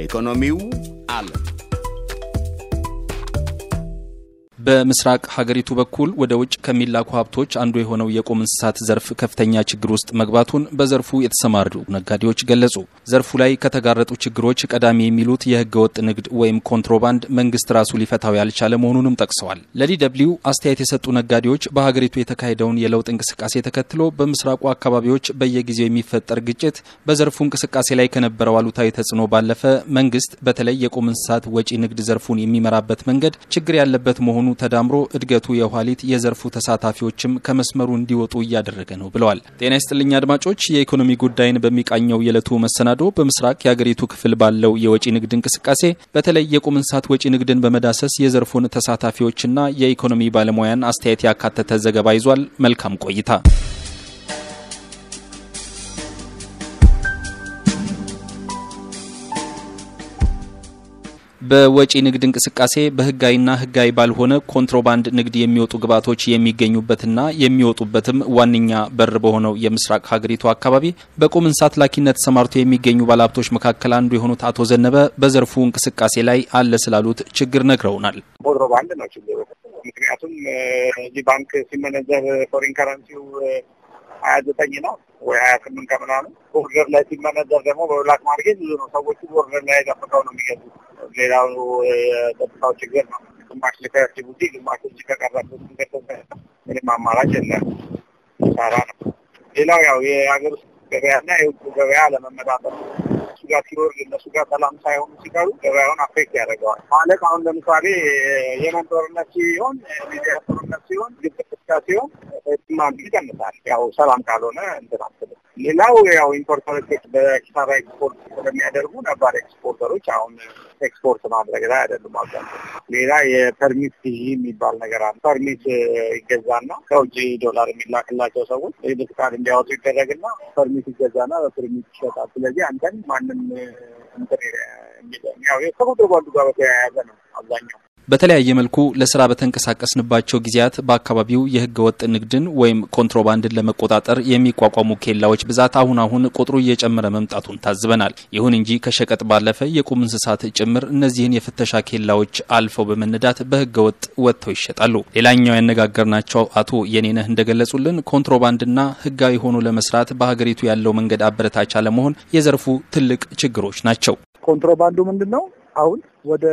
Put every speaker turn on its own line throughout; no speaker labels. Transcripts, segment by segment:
Economiu Alan. በምስራቅ ሀገሪቱ በኩል ወደ ውጭ ከሚላኩ ሀብቶች አንዱ የሆነው የቁም እንስሳት ዘርፍ ከፍተኛ ችግር ውስጥ መግባቱን በዘርፉ የተሰማሩ ነጋዴዎች ገለጹ። ዘርፉ ላይ ከተጋረጡ ችግሮች ቀዳሚ የሚሉት የህገወጥ ንግድ ወይም ኮንትሮባንድ መንግስት ራሱ ሊፈታው ያልቻለ መሆኑንም ጠቅሰዋል። ለዲ አስተያየት የሰጡ ነጋዴዎች በሀገሪቱ የተካሄደውን የለውጥ እንቅስቃሴ ተከትሎ በምስራቁ አካባቢዎች በየጊዜው የሚፈጠር ግጭት በዘርፉ እንቅስቃሴ ላይ ከነበረው አሉታዊ ተጽዕኖ ባለፈ መንግስት በተለይ የቁም እንስሳት ወጪ ንግድ ዘርፉን የሚመራበት መንገድ ችግር ያለበት መሆኑ ተዳምሮ እድገቱ የኋሊት የዘርፉ ተሳታፊዎችም ከመስመሩ እንዲወጡ እያደረገ ነው ብለዋል። ጤና ይስጥልኝ አድማጮች፣ የኢኮኖሚ ጉዳይን በሚቃኘው የዕለቱ መሰናዶ በምስራቅ የአገሪቱ ክፍል ባለው የወጪ ንግድ እንቅስቃሴ በተለይ የቁም እንስሳት ወጪ ንግድን በመዳሰስ የዘርፉን ተሳታፊዎችና የኢኮኖሚ ባለሙያን አስተያየት ያካተተ ዘገባ ይዟል። መልካም ቆይታ በወጪ ንግድ እንቅስቃሴ በህጋዊና ህጋዊ ባልሆነ ኮንትሮባንድ ንግድ የሚወጡ ግብዓቶች የሚገኙበትና የሚወጡበትም ዋነኛ በር በሆነው የምስራቅ ሀገሪቱ አካባቢ በቁም እንስሳት ላኪነት ተሰማርቶ የሚገኙ ባለሀብቶች መካከል አንዱ የሆኑት አቶ ዘነበ በዘርፉ እንቅስቃሴ ላይ አለ ስላሉት ችግር ነግረውናል።
ኮንትሮባንድ ነው ችግሩ። ምክንያቱም እዚህ ባንክ ሲመነዘር ፎሪን ከረንሲው ሀያ ዘጠኝ ነው ወይ ሀያ ስምንት ከምናምን ቦርደር ላይ ሲመነዘር ደግሞ በብላክ ማርኬት ብዙ ነው። ሰዎቹ ቦርደር ላይ ጠብቀው ነው የሚገዙት ሌላው የጸጥታ ችግር ነው። ግማሽ ለከያሲቡቲ ግማሽ እጅ ከቀረበት ንገቶ ምንም አማራጭ የለም። ሳራ ነው። ሌላው ያው የሀገር ውስጥ ገበያና የውጭ ገበያ ለመመጣጠር እሱ ጋር ሲወርድ እነሱ ጋር ሰላም ሳይሆኑ ሲቀሩ ገበያውን አፌክት ያደርገዋል። ማለት አሁን ለምሳሌ የመን ጦርነት ሲሆን፣ ሚዲያ ጦርነት ሲሆን፣ ግብ ሲሆን ማንድ ይቀንሳል። ያው ሰላም ካልሆነ እንትናል ሌላው ያው ኢምፖርተሮች በኪሳራ ኤክስፖርት ስለሚያደርጉ ነባር ኤክስፖርተሮች አሁን ኤክስፖርት ማድረግ ላይ አይደሉም። አብዛ ሌላ የፐርሚት ግዢ የሚባል ነገር አለ። ፐርሚት ይገዛና ከውጭ ዶላር የሚላክላቸው ሰዎች የቤት ቃል እንዲያወጡ ይደረግና ፐርሚት ይገዛና በፐርሚት ይሸጣል። ስለዚህ አንተን ማንም እንትን ያው ከቁጥር ባንዱ ጋር በተያያዘ ነው አብዛኛው
በተለያየ መልኩ ለስራ በተንቀሳቀስንባቸው ጊዜያት በአካባቢው የህገ ወጥ ንግድን ወይም ኮንትሮባንድን ለመቆጣጠር የሚቋቋሙ ኬላዎች ብዛት አሁን አሁን ቁጥሩ እየጨመረ መምጣቱን ታዝበናል። ይሁን እንጂ ከሸቀጥ ባለፈ የቁም እንስሳት ጭምር እነዚህን የፍተሻ ኬላዎች አልፈው በመነዳት በህገ ወጥ ወጥተው ይሸጣሉ። ሌላኛው ያነጋገርናቸው አቶ የኔነህ እንደገለጹልን ኮንትሮባንድና ህጋዊ ሆኖ ለመስራት በሀገሪቱ ያለው መንገድ አበረታች አለመሆን የዘርፉ ትልቅ ችግሮች ናቸው።
ኮንትሮባንዱ ምንድን ነው? አሁን ወደ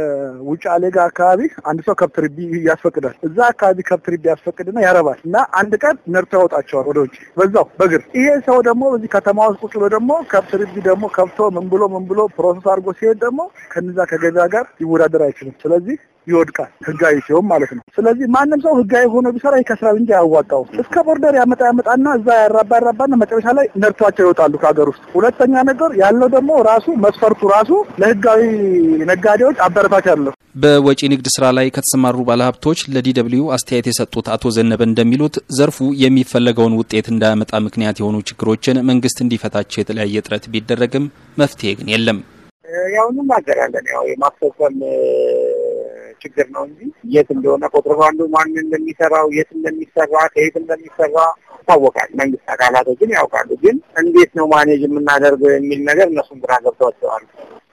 ውጭ አሌጋ አካባቢ አንድ ሰው ከብት ርቢ ያስፈቅዳል። እዛ አካባቢ ከብት ርቢ ያስፈቅድና ያረባል እና አንድ ቀን ነርቶ ያወጣቸዋል ወደ ውጭ በዛው በግር። ይሄ ሰው ደግሞ በዚህ ከተማ ውስጥ ቁጭ ደግሞ ከብት ርቢ ደግሞ ከብቶ ምን ብሎ ምን ብሎ ፕሮሰስ አድርጎ ሲሄድ ደግሞ ከነዛ ከገበያ ጋር ሊወዳደር አይችልም። ስለዚህ ይወድቃል። ህጋዊ ሲሆን ማለት ነው። ስለዚህ ማንም ሰው ህጋዊ ሆኖ ቢሰራ ይከስራል እንጂ አያዋጣውም። እስከ ቦርደር ያመጣ ያመጣና እዛ ያራባ ያራባና መጨረሻ ላይ ነርቷቸው ይወጣሉ ከሀገር ውስጥ። ሁለተኛ ነገር ያለው ደግሞ ራሱ መስፈርቱ ራሱ ለህጋዊ ነጋዴዎች አበረታች አለው።
በወጪ ንግድ ስራ ላይ ከተሰማሩ ባለሀብቶች ለዲደብልዩ አስተያየት የሰጡት አቶ ዘነበ እንደሚሉት ዘርፉ የሚፈለገውን ውጤት እንዳያመጣ ምክንያት የሆኑ ችግሮችን መንግስት እንዲፈታቸው የተለያየ ጥረት ቢደረግም መፍትሄ ግን የለም።
ያው እንናገራለን ያው የማስፈጸም ችግር ነው እንጂ የት እንደሆነ ኮንትሮባንዱ ማን እንደሚሰራው የት እንደሚሰራ ከየት እንደሚሰራ ይታወቃል። መንግስት አካላቶችን ያውቃሉ። ግን እንዴት ነው ማኔጅ የምናደርገው የሚል ነገር እነሱም ግራ ገብቷቸዋል።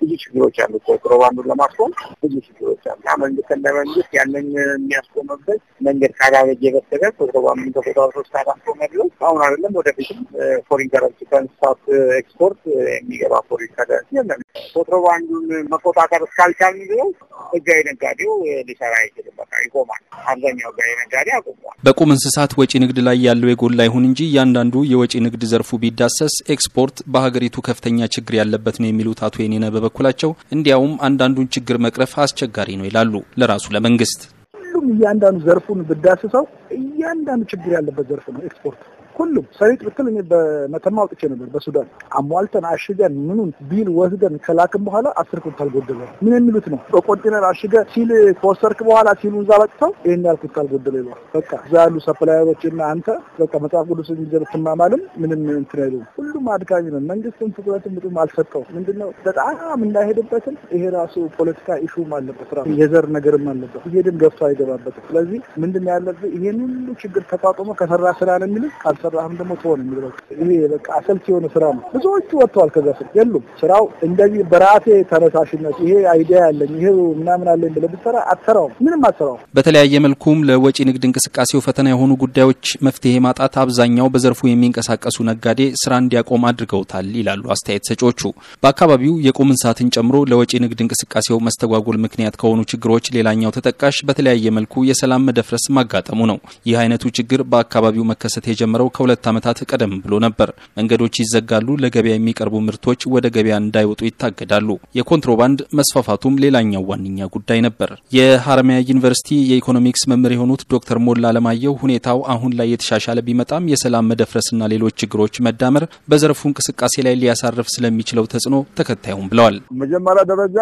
ብዙ ችግሮች አሉ። ኮንትሮባንዱን ለማስቆም ብዙ ችግሮች አሉ እና መንግስት እንደ መንግስት ያንን የሚያስቆምበት መንገድ ካላበጀ በስተቀር ኮንትሮባንዱን ተቆጣጥሮ ካላስቆመ አሁን አይደለም ወደፊትም ፎሪን ከረንሲ ከእንስሳት ኤክስፖርት የሚገባ ፎሪን ከረንሲ የለም። ኮንትሮባንዱን መቆጣጠር እስካልቻል ድረስ ህጋዊ ነጋዴው ሊሰራ አይችልም። በቃ ይቆማል። አብዛኛው ህጋዊ ነጋዴ አቁሟል።
በቁም እንስሳት ወጪ ንግድ ላይ ያለው የጎላ ይሁን እንጂ እያንዳንዱ የወጪ ንግድ ዘርፉ ቢዳሰስ ኤክስፖርት በሀገሪቱ ከፍተኛ ችግር ያለበት ነው የሚሉት አቶ የኔነ በበኩ በበኩላቸው እንዲያውም አንዳንዱን ችግር መቅረፍ አስቸጋሪ ነው ይላሉ። ለራሱ ለመንግስት
ሁሉም እያንዳንዱ ዘርፉን ብዳስሰው እያንዳንዱ ችግር ያለበት ዘርፍ ነው ኤክስፖርት ሁሉም ሰሊጥ ብትል እኔ በመተማ አውጥቼ ነበር። በሱዳን አሟልተን አሽገን ምኑን ቢል ወስደን ከላክም በኋላ አስር ኩንታል ጎደለ። ምን የሚሉት ነው? በኮንቴነር አሽገ ሲል ከወሰድክ በኋላ ሲሉ እዛ በቅተው ይህን ያህል ኩንታል ጎደለ ይሏል። በቃ እዛ ያሉ ሰፕላየሮች እና አንተ በቃ መጽሐፍ ቅዱስ ጊዜ ብትማማልም ምንም እንትን አይሉም። ሁሉም አድካሚ ነው። መንግስትም ትኩረትም ምጡም አልሰጠው። ምንድነው በጣም እንዳይሄድበትም ይሄ ራሱ ፖለቲካ ኢሹም አለበት፣ ራሱ የዘር ነገርም አለበት። ይሄ ግን ገብቶ አይገባበትም። ስለዚህ ምንድን ያለብህ ይሄን ሁሉ ችግር ተቋቁሞ ከሰራ ስራ ነው የሚልህ የሚሰራ አሁን ደግሞ ተሆን የሚለው ይሄ በቃ አሰልቺ የሆነ ስራ ነው። ብዙዎቹ ወጥተዋል ከዛ ስር የሉም። ስራው እንደዚህ በራሴ ተነሳሽነት ይሄ አይዲያ ያለኝ ይሄ ምናምን አለኝ ብለህ ብትሰራ አትሰራውም፣ ምንም አትሰራውም።
በተለያየ መልኩም ለወጪ ንግድ እንቅስቃሴው ፈተና የሆኑ ጉዳዮች መፍትሄ ማጣት አብዛኛው በዘርፉ የሚንቀሳቀሱ ነጋዴ ስራ እንዲያቆም አድርገውታል ይላሉ አስተያየት ሰጪዎቹ። በአካባቢው የቁም እንስሳትን ጨምሮ ለወጪ ንግድ እንቅስቃሴው መስተጓጎል ምክንያት ከሆኑ ችግሮች ሌላኛው ተጠቃሽ በተለያየ መልኩ የሰላም መደፍረስ ማጋጠሙ ነው። ይህ አይነቱ ችግር በአካባቢው መከሰት የጀመረው ከሁለት ዓመታት ቀደም ብሎ ነበር። መንገዶች ይዘጋሉ፣ ለገበያ የሚቀርቡ ምርቶች ወደ ገበያ እንዳይወጡ ይታገዳሉ። የኮንትሮባንድ መስፋፋቱም ሌላኛው ዋነኛ ጉዳይ ነበር። የሀረማያ ዩኒቨርሲቲ የኢኮኖሚክስ መምህር የሆኑት ዶክተር ሞላ አለማየሁ ሁኔታው አሁን ላይ የተሻሻለ ቢመጣም የሰላም መደፍረስና ሌሎች ችግሮች መዳመር በዘርፉ እንቅስቃሴ ላይ ሊያሳርፍ ስለሚችለው ተጽዕኖ ተከታዩም ብለዋል።
መጀመሪያ ደረጃ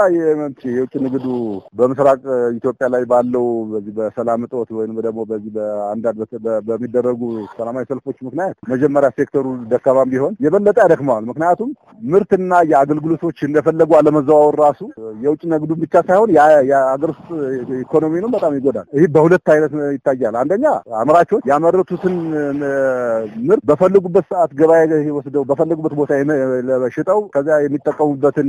የውጭ ንግዱ በምስራቅ ኢትዮጵያ ላይ ባለው በዚህ በሰላም እጦት ወይም ደግሞ በዚህ በአንዳንድ በሚደረጉ ሰላማዊ ሰልፎች ምክንያት መጀመሪያ ሴክተሩ ደካማም ቢሆን የበለጠ ያደክመዋል። ምክንያቱም ምርትና የአገልግሎቶች እንደፈለጉ አለመዘዋወር ራሱ የውጭ ንግዱን ብቻ ሳይሆን የአገር ውስጥ ኢኮኖሚንም በጣም ይጎዳል። ይህ በሁለት አይነት ይታያል። አንደኛ አምራቾች ያመረቱትን ምርት በፈለጉበት ሰዓት ገበያ ወስደው በፈለጉበት ቦታ ሽጠው ከዚያ የሚጠቀሙበትን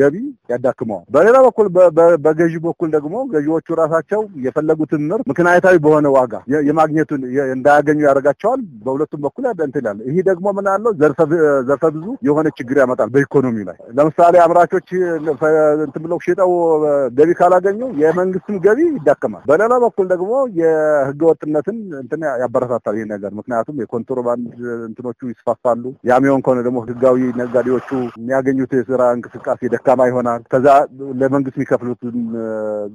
ገቢ ያዳክመዋል። በሌላ በኩል በገዢ በኩል ደግሞ ገዢዎቹ ራሳቸው የፈለጉትን ምርት ምክንያታዊ በሆነ ዋጋ የማግኘቱን እንዳያገኙ ያደርጋቸዋል። በሁለ በሁለቱም በኩል ያለ እንትን ደግሞ ምን አለው ዘርፈ ብዙ የሆነ ችግር ያመጣል በኢኮኖሚ ላይ። ለምሳሌ አምራቾች እንትን ብለው ሽጠው ገቢ ካላገኙ የመንግስትም ገቢ ይዳከማል። በሌላ በኩል ደግሞ የህገወጥነትን እንትን ያበረታታል ይሄ ነገር። ምክንያቱም የኮንትሮባንድ እንትኖቹ ይስፋፋሉ። ያሚሆን ከሆነ ደግሞ ህጋዊ ነጋዴዎቹ የሚያገኙት የስራ እንቅስቃሴ ደካማ ይሆናል። ከዛ ለመንግስት የሚከፍሉትን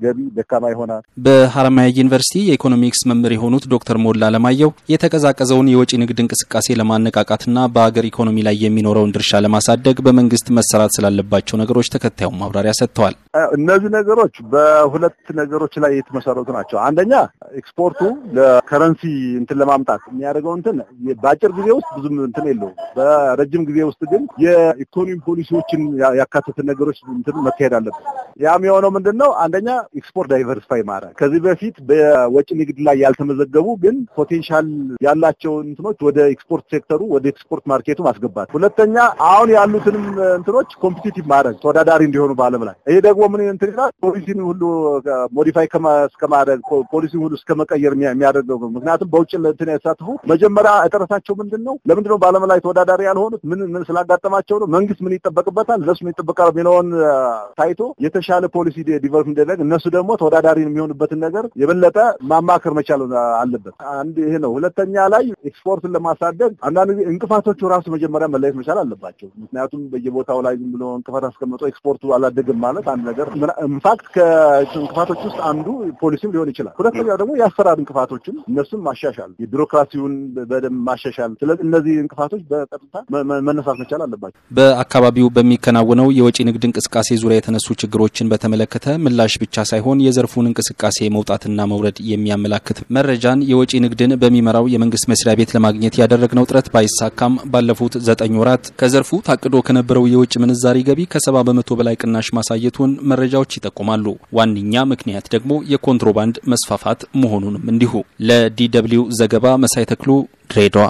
ገቢ ደካማ ይሆናል።
በሀረማያ ዩኒቨርሲቲ የኢኮኖሚክስ መምህር የሆኑት ዶክተር ሞላ አለማየሁ የተቀዛቀዘውን የወጪ የንግድ እንቅስቃሴ ለማነቃቃትና በሀገር ኢኮኖሚ ላይ የሚኖረውን ድርሻ ለማሳደግ በመንግስት መሰራት ስላለባቸው ነገሮች ተከታዩን ማብራሪያ ሰጥተዋል።
እነዚህ ነገሮች በሁለት ነገሮች ላይ የተመሰረቱ ናቸው። አንደኛ ኤክስፖርቱ ለከረንሲ እንትን ለማምጣት የሚያደርገው እንትን በአጭር ጊዜ ውስጥ ብዙም እንትን የለው። በረጅም ጊዜ ውስጥ ግን የኢኮኖሚ ፖሊሲዎችን ያካተትን ነገሮች እንትን መካሄድ አለበት። ያም የሆነው ምንድን ነው? አንደኛ ኤክስፖርት ዳይቨርሲፋይ ማድረግ ከዚህ በፊት በወጪ ንግድ ላይ ያልተመዘገቡ ግን ፖቴንሻል ያላቸው እንትኖች ምርቶች ወደ ኤክስፖርት ሴክተሩ ወደ ኤክስፖርት ማርኬቱ ማስገባት፣ ሁለተኛ አሁን ያሉትንም እንትኖች ኮምፒቲቲቭ ማድረግ ተወዳዳሪ እንዲሆኑ በዓለም ላይ ይሄ ደግሞ ምን እንትን ይላል ፖሊሲን ሁሉ ሞዲፋይ እስከማድረግ ፖሊሲን ሁሉ እስከመቀየር የሚያደርገው ምክንያቱም በውጭ እንትን ያሳትፉ መጀመሪያ እጥረታቸው ምንድን ነው? ለምንድን ነው በዓለም ላይ ተወዳዳሪ ያልሆኑት? ምን ምን ስላጋጠማቸው ነው? መንግስት ምን ይጠበቅበታል? ለሱ ምን ይጠበቃል የሚለውን ታይቶ የተሻለ ፖሊሲ ዲቨሎፕ እንዲደረግ እነሱ ደግሞ ተወዳዳሪ የሚሆኑበትን ነገር የበለጠ ማማከር መቻል አለበት። አንድ ይሄ ነው። ሁለተኛ ላይ ኤክስፖ ስፖርቱን ለማሳደግ አንዳንድ ጊዜ እንቅፋቶቹ ራሱ መጀመሪያ መለየት መቻል አለባቸው። ምክንያቱም በየቦታው ላይ ዝም ብሎ እንቅፋት አስቀምጦ ኤክስፖርቱ አላደግም ማለት አንድ ነገር ኢንፋክት ከእንቅፋቶች ውስጥ አንዱ ፖሊሲም ሊሆን ይችላል። ሁለተኛው ደግሞ የአሰራር እንቅፋቶችን እነሱም ማሻሻል፣ የቢሮክራሲውን በደንብ ማሻሻል። ስለዚህ እነዚህ እንቅፋቶች በቀጥታ መነሳት መቻል አለባቸው።
በአካባቢው በሚከናወነው የወጪ ንግድ እንቅስቃሴ ዙሪያ የተነሱ ችግሮችን በተመለከተ ምላሽ ብቻ ሳይሆን የዘርፉን እንቅስቃሴ መውጣትና መውረድ የሚያመላክት መረጃን የወጪ ንግድን በሚመራው የመንግስት መስሪያ ቤት ለማግኘት ያደረግነው ጥረት ባይሳካም ባለፉት ዘጠኝ ወራት ከዘርፉ ታቅዶ ከነበረው የውጭ ምንዛሪ ገቢ ከሰባ በመቶ በላይ ቅናሽ ማሳየቱን መረጃዎች ይጠቁማሉ። ዋነኛ ምክንያት ደግሞ የኮንትሮባንድ መስፋፋት መሆኑንም እንዲሁ ለዲ ደብልዩ ዘገባ መሳይ ተክሉ ድሬዳዋ